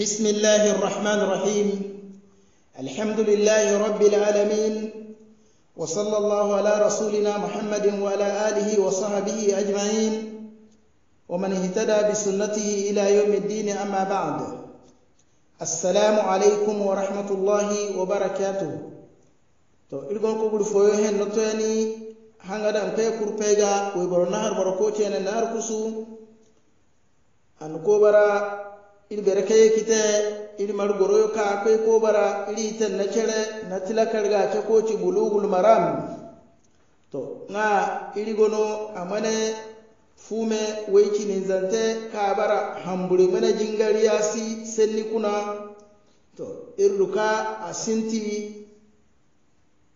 بسم الله الرحمن الرحيم الحمد لله رب العالمين وصلى الله على رسولنا محمد وعلى آله وصحبه أجمعين ومن اهتدى بسنته إلى يوم الدين أما بعد السلام عليكم ورحمة الله وبركاته to irgon ko ɓuri foyo hen nottoyani hangadan kay kurpeyga woy boro nahar boro ko ili berekeye kite ili margoroyo ka koy ko bara ili iten na cere na tila karga ce ko ci bulugul maram to nga ili gono amane fume wey cini zante ka bara hamburi mene jingari yasi senni kuna to irlu ka asinti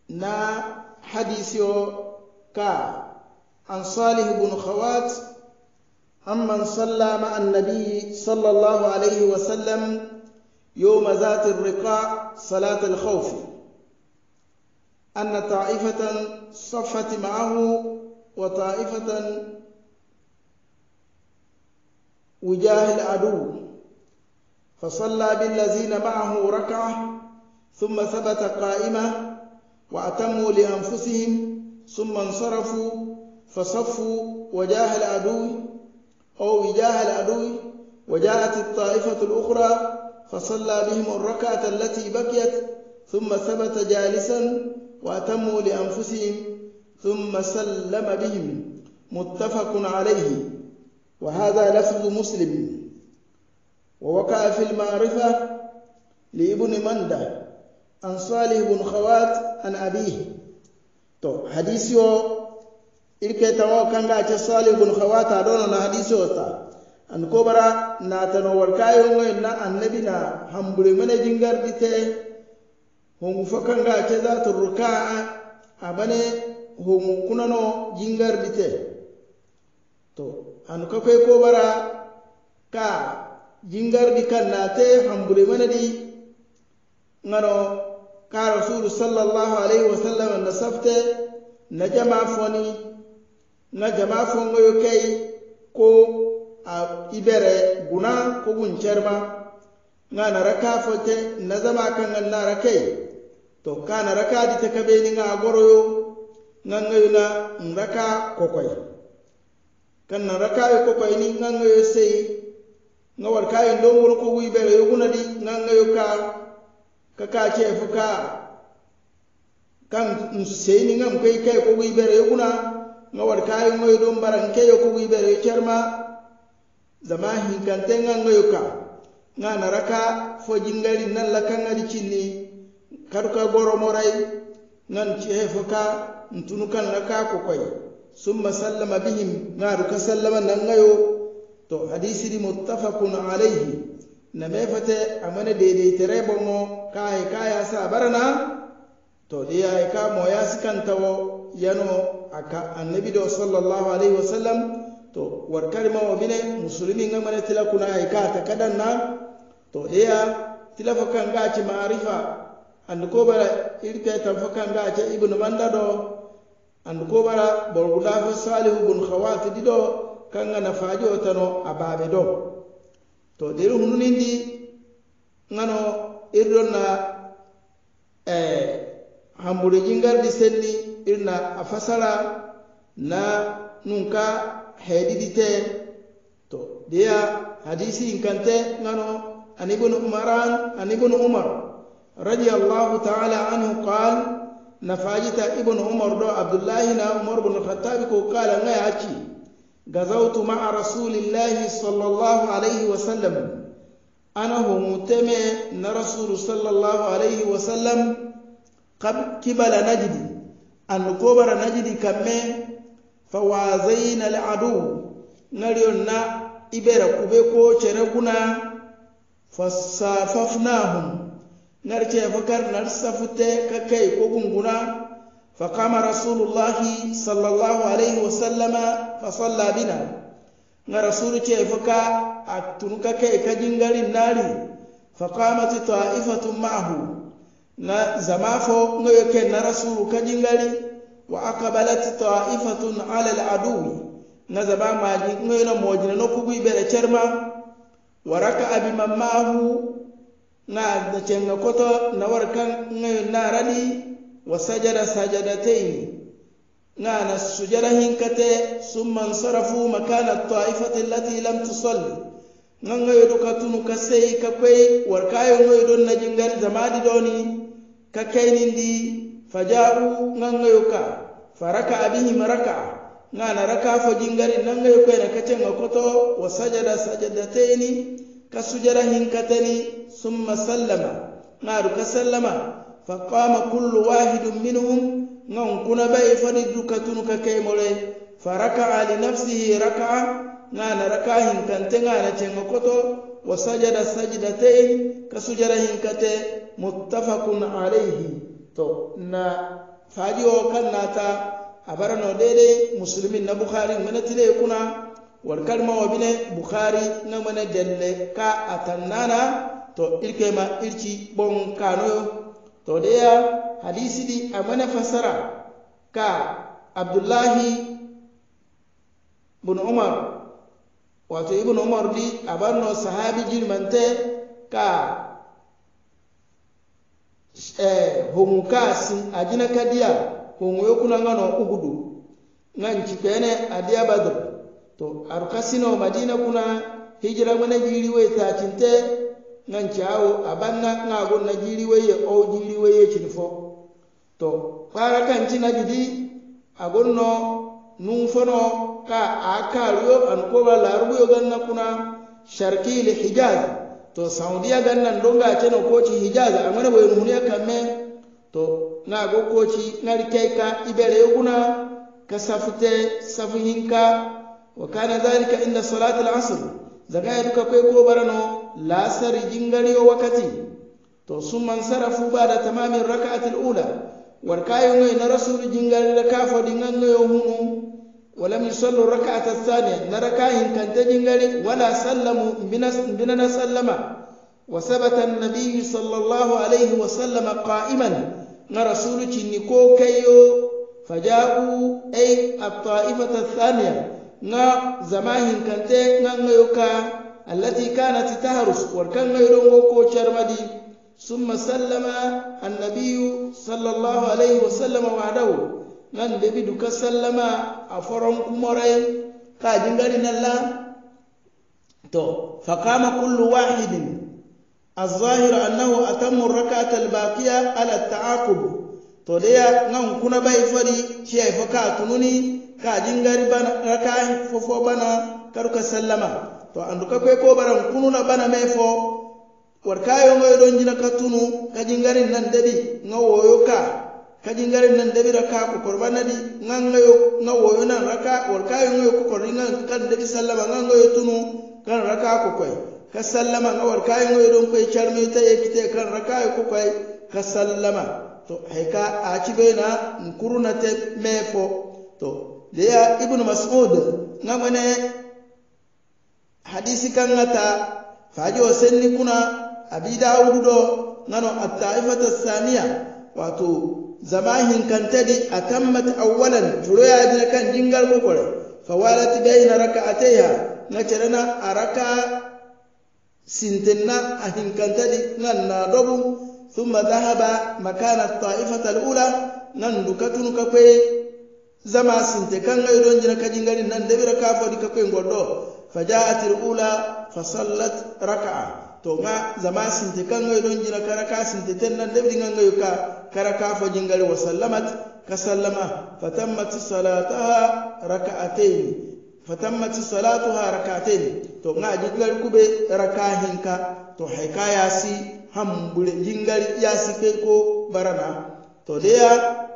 na hadisi o ka an salih bun khawat أمن صلى مع النبي صلى الله عليه وسلم يوم ذات الرقاع صلاة الخوف أن طائفة صفت معه وطائفة وجاه العدو فصلى بالذين معه ركعة ثم ثبت قائمة وأتموا لأنفسهم ثم انصرفوا فصفوا وجاه العدو أو وجاه العدو وجاءت الطائفة الأخرى فصلى بهم الركعة التي بقيت ثم ثبت جالسا وأتموا لأنفسهم ثم سلم بهم متفق عليه وهذا لفظ مسلم ووقع في المعرفة لابن مندة عن صالح بن خوات عن أبيه حديثه irke tawo kanga ce sali bun hawata dono na hadisi wata an kobara na tano warkayo ngoy na annabi na hambure mana jingar dite hongu fo kanga ce za to ruka'a abane hongu kunano jingar dite to an ka kai kobara ka jingar di kan na te hambure mana di ngano ka rasulullahi sallallahu alaihi wasallam na safte na jama'a foni na jama yo kei ko a ibere guna ko guncerma nga na raka fote na zama kan nga na rakai to ka na raka di ta kabe ni nga yo nga ngayo na raka kokoi kan na raka yo kokoi ni nga yo sei nga war kayo ndongol ko gu ibere yo guna di nga ngayo ka ka ka chefu ka kan sei ni nga mkai kai ko gu ibere yo guna nga wat kayi ngoyo ɗum mbaran keyo kogu ɓere carma zama hinkantenga ngoyo ka nga naraka fo jingari nan lakangari cinni kaduka goromoray ngan cefo ka ntunu kan raka ko koy summa sallama bihim ngaru ka sallama nan ngayo to hadisi di muttafaqun alayhi na mefate amane dede tere bomo kaye kaya sa barana to diya ka moya sikantawo yano aka annabi ɗo sallllahu alayhi wa sallam to warkari ma o mine musulumi gamane tilakuna e kata kaɗanna to eya tilafo kangace maarifa andi ko ɓara irpetan fo kangace ibnu manda ɗo andi ko ɓara borgulafo salihu bun hawati ɗiɗo kanga nafaji o tano a baɓe ɗo to ɗer hununidi gano irɗon na e eh, hamburiji gardi senni irna a fasara na nunka hedidite to deya hadisi inkante ngano an ibnu umaran an ibnu umar radi allahu taala anhu qal nafajita ibnu umar do abdullahi na umar bnu khatabi ko kala ngaye acci gazautu maa rasulillahi sall llahu alayhi wa sallam ana homuteme na rasulu sall llahu alayhi wa sallam kibala najdi an kobara na jiri kame fawazai na la'adu na na ibera kube ko cere kuna fasafaf na hun narce fakar na safute ka kai ko gunguna fakama rasulullahi sallallahu alaihi wasallama fasalla bina na rasulu ce fuka a tunuka kai ka jingarin nari fakama ta ta'ifatun ma'ahu na zamafo no yoke na rasulu kajingali wa akabalat ta'ifatun ala al-aduwi na zaba maji na mojina no kugu ibere cerma waraka abi mamahu na da cenga koto na warkan ngoy na radi wa sajada sajadatayn na na sujada hinkate summa sarafu makana ta'ifati allati lam tusalli ngan ngoy do katunu kasai warkayo ngoy don na jingali zamadi doni kakkeynindi fa jaau ngangayo ka fa raka'a bihim raka'a ngana raka fojingari nangayo kayna kaccenga koto wa sajada sajadateni ka sujada hinkatani summa sallama ngaru ka sallama fa qama kullu wahidum minhum ngan kuna bayi fadiddu katunu kakkeymoloy fa raka'a linafsihi raka'a ngana raka hinkante ngana cenga koto wa sajada sajdatain ka sujara hinkate muttafaqun alayhi to na faji o kan nata a barano dede musulumin na bukhari mana tile kuna war kalma o bine bukhari na mana delle ka atannana to irke ma irci bon kano to deya hadisi di a mana fasara ka abdullahi bun umar wato ibn umar di abanno sahabi jirmante ka eh, hongu kasi ajina kadiya hongu yokuna ngano ugudu nganci a adiya badr to sino madina kuna hijira ngana jiri we tacinte nganci awo abanna ngago na jiri weye o jiri weye cinfo to para kanci na jidi agonno nun fono ka a kaaluyo an koba laaruguyo ganna kuna sharkiili hijaz to saudiya ganna ndo nga teno koci hijaz amana boye nuhuniya kamme to nago koci ngari keyka ibere yo kuna ka safute safu hinka wa kana dhalika inda salati alasr zaga yeduka koye ko barano lasari jingariyo wakati to summan sarafu bada tamami rakaati alula warkayo ngoy na rasulu jingari ra kafo di ngannoyo hunu ولم يصلوا الركعة الثانية نركا إن كان تجنغري ولا سلموا بننا سلما وثبت النبي صلى الله عليه وسلم قائما نرسول تنكو كيو فجاءوا أي الطائفة الثانية نا زماهن كان تجنغيوكا التي كانت تهرس وكان يرونغوكو شرمدي ثم سلم النبي صلى الله عليه وسلم وعده nan da bi duka sallama a faron kumarai kajin gari nan la to fa kama kullu wahidin الظاهر أنه أتم الركعة الباقية على التعاقب توديا نعم كنا باي فري شيء فكا gari bana غري bana ففو بنا To سلما تو أندوكا ko كو kununa كنونا بنا ميفو warkayo ngoyo don ka katunu kajingari nan dadi ngawo yoka kadi ngari nan dari raka ko korba nadi ngangayo nga woyo nan raka wal kayo ngayo ko korri nga kan dati sallama ngangayo tunu kan raka ko koy ka sallama nga wal kayo ngayo don koy charme ta yekite kan raka ko koy ka sallama to haika a ci bayna nkuruna te mefo to leya ibnu mas'ud nga mane hadisi kan ngata faji o senni kuna abi daudu do ngano at-ta'ifatu ath-thaniyah wato zama hinkantadi a tammat awwalan turoyaji na kan jingar kokore fawalat bayna raka'atayha na cerana a raka sintinna a hinkantadi nan na dobu thumma dhahaba makana ta'ifata al nan dukatun kakwe zama sinte kan gaidon jina ka jingari nan dabira kafo di kakwe ngodo fa ja'atil ula fa sallat raka'a to ma zama sinte kangayo ɗon jira kara ka sinte tennan deɓɗigangayo ka kara ka fojingali wa sallamat ka sallama fatammat salataha rakaatayni fatammat salatuha rakaatayni to ga jingari kuɓe raka hinka to hayka yasi hambure jingari yasi ke ko barana to deya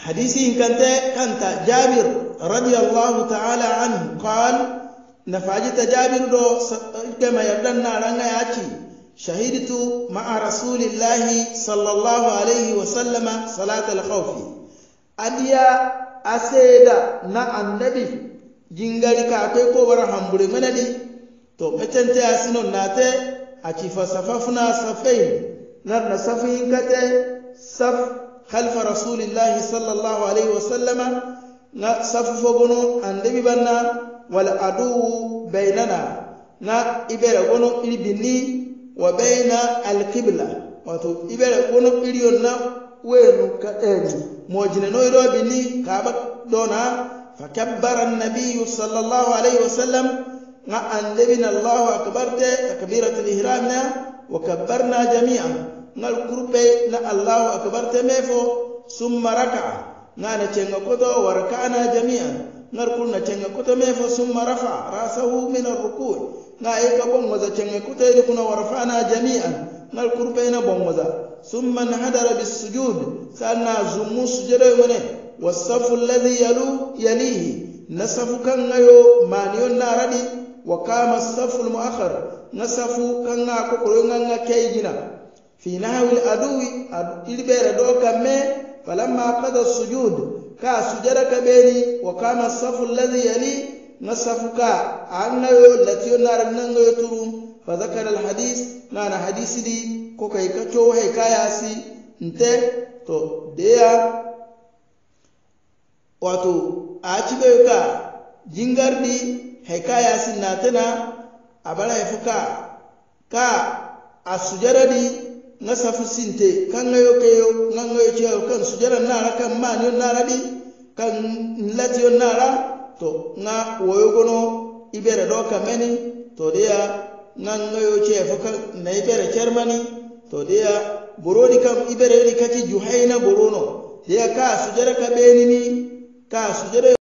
hadisi hinkante kanta jabir radiallahu taala anhu qala nafaji tajabirɗo kema yerɗan naranga yaci shahidtu maa rasulillahi sallllahu alayhi wa sallama salata alkhawfi adiya a seeda na annabi jingari kakoy ko wara hamburi menaɗi to mecente a sinon nate a cifa safafna safain narna safuhinkate saf halfa rasulillahi sallllahu alayhi wa sallama ga safu fogono annabi banna wala aduwu baynana na ibere wono iri dinni wa bayna alqibla wato ibere wono iri yonna wenu kaɗeni mojine noyroɓi ni kaɓa ɗona fa kabbara annabiyu sall llahu alayhi wa sallam ga andebina allahu akbar te takbirat lihram na wa kabbarna jamia ngal kurpe na allahu akbar te me fo summa raka ga ne cenga koto wa rakana jamian narkulna cenge kuta me fo summa rafa rasahu min arruku'i nga e ka bongoza cenge kuta ili kuna warafana jami'an narkur bena bongoza summa nahadara bisujud sanna zumu sujudo mone wasafu alladhi yalu yalihi nasafu kan ngayo maniyon naradi wa kama safu almuakhar nasafu kan nga kokoro nga kayjina fi nahwi aladuwi ilbera do kamme falamma qada sujud ka sujada ka beni wa kama safu alladhi yali na safu ka a annayo na naran nan na turu fa zakara alhadis hadis na hadisi di ko kai ka to hay kaya si nte to deya wato a ci bai ka jingardi hay kaya si natana abara fuka ka a sujada di nga safu sinte kan nga yokeyo nga ngayo ceyo kan sujara nara kan maniyo nara di kan latiyo nara to nga woyo gono ibere do kameni to deya nga ngayo ceye fo kan na ibere cermani to deya borodi kam ibere yodi kati juhaina borono deya ka sujara ka ɓenini ka sujara